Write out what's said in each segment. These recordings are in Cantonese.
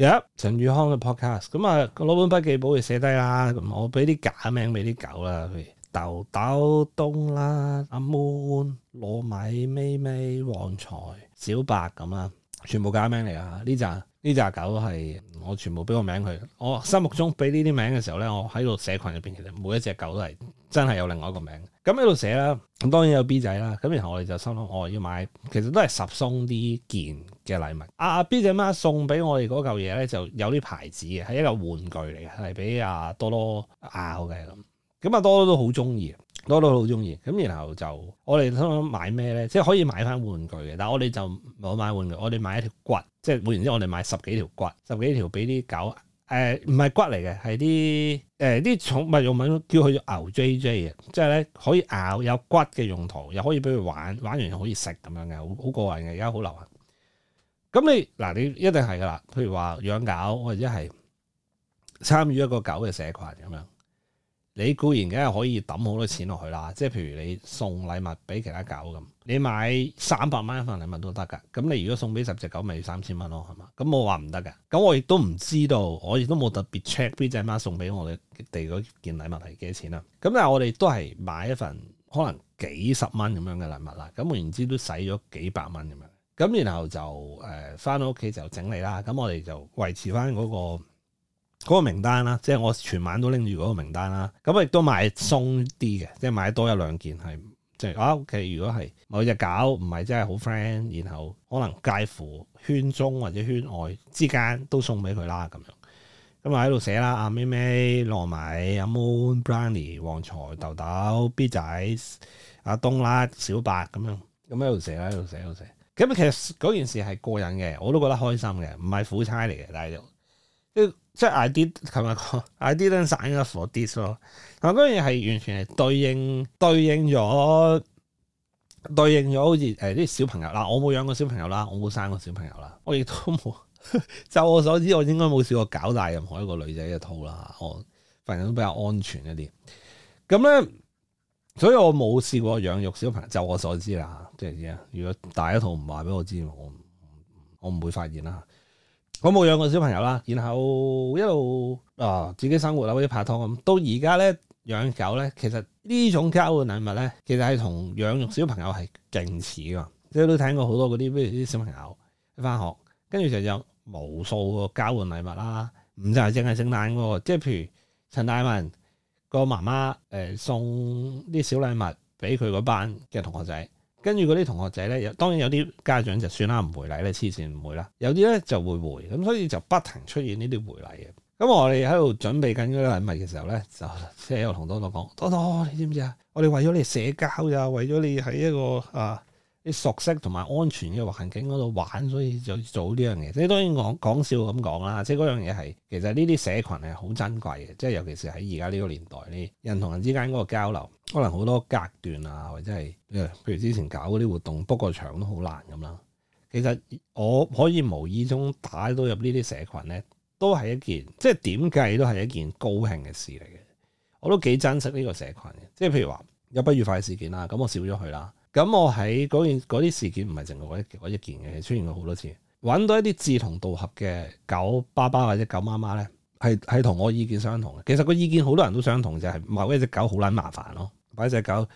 有、yep, 陳宇康嘅 podcast，咁啊，我攞本筆記簿就寫低啦。我俾啲假名俾啲狗啦，譬如豆豆東啦、阿滿、糯米、米、米、米、咪咪、旺財、小白咁啦，全部假名嚟㗎！呢隻呢隻狗係我全部俾個名佢。我心目中俾呢啲名嘅時候咧，我喺度社群入邊，其實每一隻狗都係。真係有另外一個名，咁喺度寫啦。咁當然有 B 仔啦。咁然後我哋就心諗，我、哦、要買，其實都係十鬆啲件嘅禮物。阿、啊、B 仔媽送俾我哋嗰嚿嘢咧，就有啲牌子嘅，係一個玩具嚟嘅，係俾阿多多咬嘅咁。咁啊，啊，多多都好中意，多多都好中意。咁然後就我哋心諗買咩咧？即係可以買翻玩具嘅，但係我哋就冇買玩具，我哋買一條骨。即係換言之，我哋買十幾條骨，十幾條俾啲狗。誒唔係骨嚟嘅，係啲誒啲寵物用品叫佢牛 JJ 嘅，即係咧可以咬有骨嘅用途，又可以俾佢玩，玩完又可以食咁樣嘅，好好過癮嘅，而家好流行。咁你嗱你一定係噶啦，譬如話養狗或者係參與一個狗嘅社群咁樣。你固然梗係可以抌好多錢落去啦，即係譬如你送禮物俾其他狗咁，你買三百蚊一份禮物都得噶。咁你如果你送俾十隻狗3，咪三千蚊咯，係嘛？咁我話唔得㗎，咁我亦都唔知道，我亦都冇特別 check B 仔媽送俾我哋嗰件禮物係幾多錢啊？咁但係我哋都係買一份可能幾十蚊咁樣嘅禮物啦，咁換言之都使咗幾百蚊咁樣，咁然後就誒翻到屋企就整理啦。咁我哋就維持翻、那、嗰個。嗰個名單啦，即係我全晚都拎住嗰個名單啦，咁亦都買鬆啲嘅，即係買多一兩件，係即係啊 OK。如果係某隻狗唔係真係好 friend，然後可能介乎圈中或者圈外之間都送俾佢啦咁樣。咁啊喺度寫啦，阿咩咩糯米阿 Moon Brandy 旺財豆豆 B 仔阿東啦、小白咁樣，咁喺度寫，喺度寫，喺度寫。咁其實嗰件事係過癮嘅，我都覺得開心嘅，唔係苦差嚟嘅，但係又。即係 I didn't，琴日講 I didn't，sign up for this 咯。嗱，嗰樣嘢係完全係對應，對應咗，對應咗，好似誒啲小朋友嗱，我冇養過小朋友啦，我冇生過小朋友啦，我亦都冇。 就我所知，我應該冇試過搞大任何一個女仔嘅肚啦。我份人都比較安全一啲。咁咧，所以我冇試過養育小朋友。就我所知啦，即係如果大一套唔話俾我知，我我唔會發現啦。我冇養過小朋友啦，然後一路啊自己生活啦，或者拍拖咁。到而家咧養狗咧，其實呢種交換禮物咧，其實係同養育小朋友係勁似噶。即係都聽過好多嗰啲，譬如啲小朋友返學，跟住就有無數個交換禮物啦。唔就係淨係聖誕喎，即係譬如陳大文個媽媽誒送啲小禮物俾佢嗰班嘅同學仔，跟住嗰啲同學仔咧，有當然有啲家長就算啦，唔回禮咧，黐線唔回啦，有啲咧就會回，咁所以就不停出現呢啲回禮嘅。咁我哋喺度準備緊嗰啲禮物嘅時候咧，就即係喺度同多多講，多多你知唔知啊？我哋為咗你社交咋，為咗你喺一個啊。熟悉同埋安全嘅環境嗰度玩，所以就做呢樣嘢。即係當然講講笑咁講啦，即係嗰樣嘢係其實呢啲社群係好珍貴嘅，即係尤其是喺而家呢個年代咧，人同人之間嗰個交流可能好多隔斷啊，或者係譬如之前搞嗰啲活動不 o o 場都好難咁啦。其實我可以無意中打到入呢啲社群咧，都係一件即係點計都係一件高興嘅事嚟嘅。我都幾珍惜呢個社群嘅，即係譬如話有不愉快事件啦，咁我少咗去啦。咁我喺嗰件啲事件唔係淨係嗰一一件嘅，出現過好多次。揾到一啲志同道合嘅狗爸爸或者狗媽媽咧，係係同我意見相同嘅。其實個意見好多人都相同，就係某一隻狗好撚麻煩咯，或者隻狗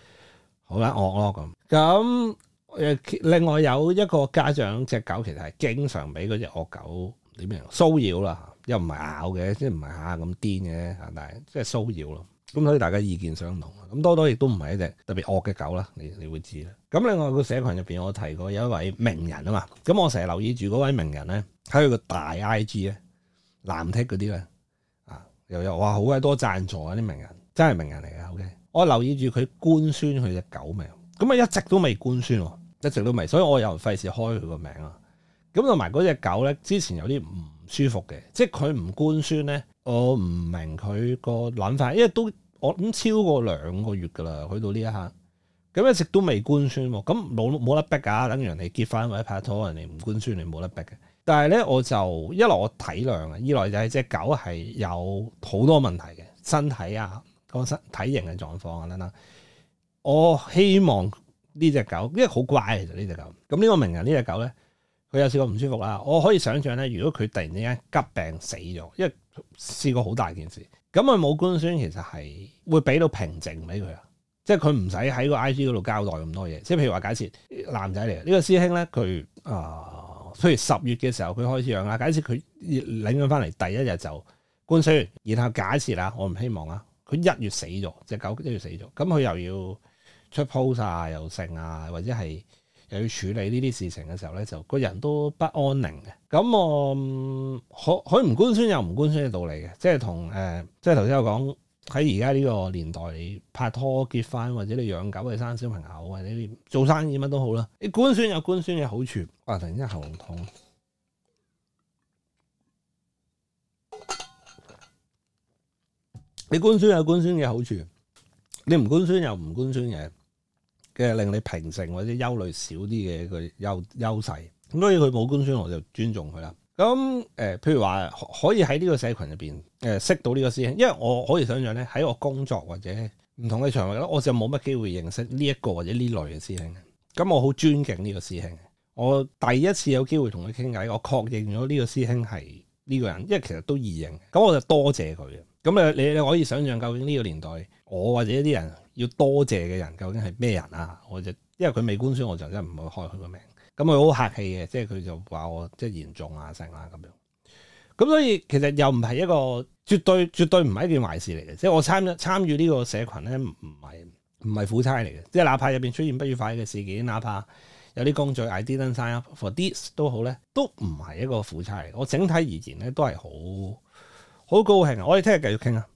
好撚惡咯咁。咁誒，另外有一個家長隻狗其實係經常俾嗰隻惡狗點樣騷擾啦。又唔係咬嘅，即係唔係下下咁癲嘅，但係即係騷擾咯。咁所以大家意見相同，咁多多亦都唔係一隻特別惡嘅狗啦。你你會知啦。咁另外個社群入邊，我提過有一位名人啊嘛。咁我成日留意住嗰位名人咧，喺佢個大 I G 咧，藍剔嗰啲咧啊，又有哇好鬼多贊助啊啲名人，真係名人嚟嘅。OK，我留意住佢官宣佢隻狗名，咁啊一直都未官宣喎，一直都未，所以我又費事開佢個名啊。咁同埋嗰隻狗咧，之前有啲唔～舒服嘅。即係佢唔官宣咧，我唔明佢個諗法，因為都我諗超過兩個月噶啦，去到呢一刻，咁一直都未官宣，咁冇冇得逼噶，等人哋結婚或者拍拖，人哋唔官宣，你冇得逼嘅。但係咧，我就一來我體諒嘅，二來就係隻狗係有好多問題嘅，身體啊個身體型嘅狀況、啊、等等。我希望呢隻狗，因為好乖其實呢隻狗，咁呢個名人呢隻狗咧。佢有試過唔舒服啦，我可以想象咧，如果佢突然之間急病死咗，因為試過好大件事，咁佢冇官宣其實係會俾到平靜俾佢啊，即係佢唔使喺個 IG 嗰度交代咁多嘢。即係譬如話，假設男仔嚟啊，呢個師兄咧佢啊，譬如十月嘅時候佢開始養啦，假設佢領養翻嚟第一日就官宣，然後假設啦，我唔希望啊，佢一月死咗隻狗一月死咗，咁佢又要出 post 啊，又剩啊，或者係。又要處理呢啲事情嘅時候咧，就個人都不安寧嘅。咁、嗯、我可可唔官宣又唔官宣嘅道理嘅，即係同誒、呃，即係頭先我講喺而家呢個年代，你拍拖結婚或者你養狗、你生小朋友或者你做生意乜都好啦。你官宣有官宣嘅好處，啊突然之間喉嚨痛。你官宣有官宣嘅好處，你唔官宣又唔官宣嘅。嘅令你平靜或者憂慮少啲嘅一個優優勢，咁所以佢冇官宣我就尊重佢啦。咁、嗯、誒，譬如話可以喺呢個社群入邊誒識到呢個師兄，因為我可以想象咧喺我工作或者唔同嘅場合啦，我就冇乜機會認識呢一個或者呢類嘅師兄。咁、嗯、我好尊敬呢個師兄，我第一次有機會同佢傾偈，我確認咗呢個師兄係。呢個人，因為其實都易認，咁我就多謝佢嘅。咁啊，你你可以想象究竟呢個年代，我或者啲人要多謝嘅人究竟係咩人啊？我就因為佢未官宣，我就真係唔會開佢個名。咁佢好客氣嘅，即係佢就話我即係嚴重啊、盛啊咁樣。咁所以其實又唔係一個絕對、絕對唔係一件壞事嚟嘅。即係我參參與呢個社群咧，唔唔係唔係苦差嚟嘅。即係哪怕入邊出現不愉快嘅事件，哪怕。有啲工序 I didn't sign up for this 都好咧，都唔係一個苦差嚟。我整體而言咧，都係好好高興啊！我哋聽日繼續傾啊！